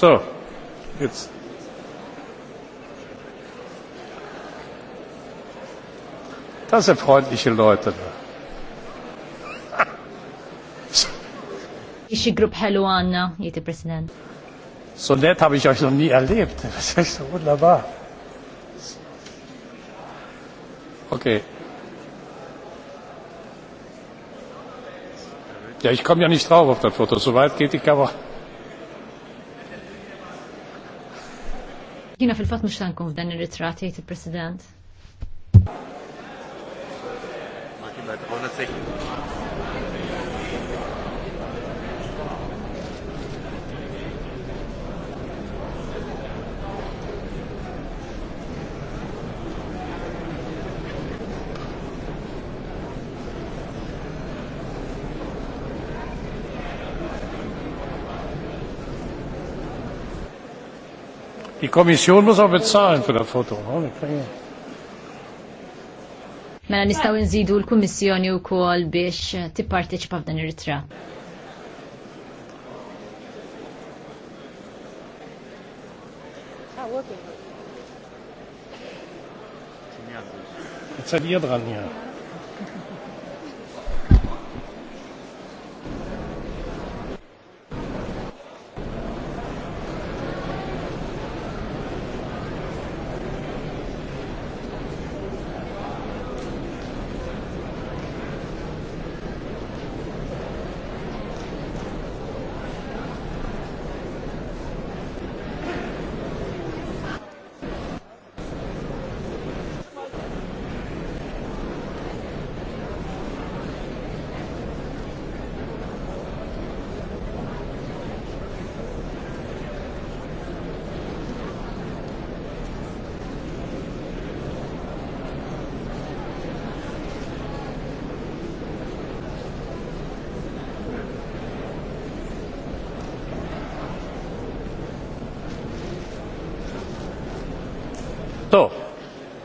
So, it's Das sind freundliche Leute. Ixi grupp ħelu għanna, jieti Präsident. So nett habe ich euch noch nie erlebt. Das ist so wunderbar. Okay. Ja, ich komme ja nicht drauf auf das Foto. So weit geht die Kamera. Jina fil-fat mux tankum f'dan il-ritrat jgħid il-President. Die Kommission muss auch Foto. Mela nistaw nżidu l-Kummissjoni wkoll biex tipparteċipa f'dan ir Ah, It's a year dran, yeah.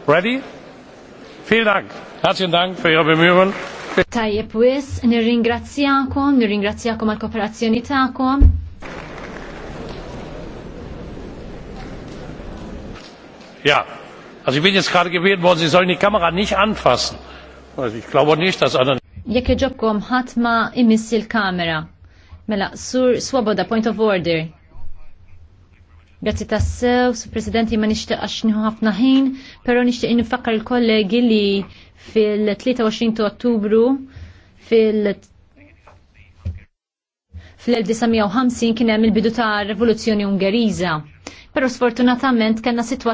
Ready? Vielen Dank. Herzlichen Dank für Ihre Bemühungen. Tajjeb wis, nirringrazzjakom, nirringrazzjakom għal kooperazzjoni tagħkom. Ja, also ich bin jetzt gerade gewählt worden, Sie sollen die Kamera nicht anfassen. Also ich glaube nicht, dass einer... Jekk iġobkom ħadd ma l-kamera. Mela, sur Swaboda, point of order. Grazzi tassew, su presidenti ma nishtiq għax ħafna ħin, pero nishtiq nifakkar il-kollegi li fil-23 ottubru fil- 1950 kien hemm il-bidu ta' rivoluzzjoni Ungeriża. Però sfortunatament kellna sitwazzjoni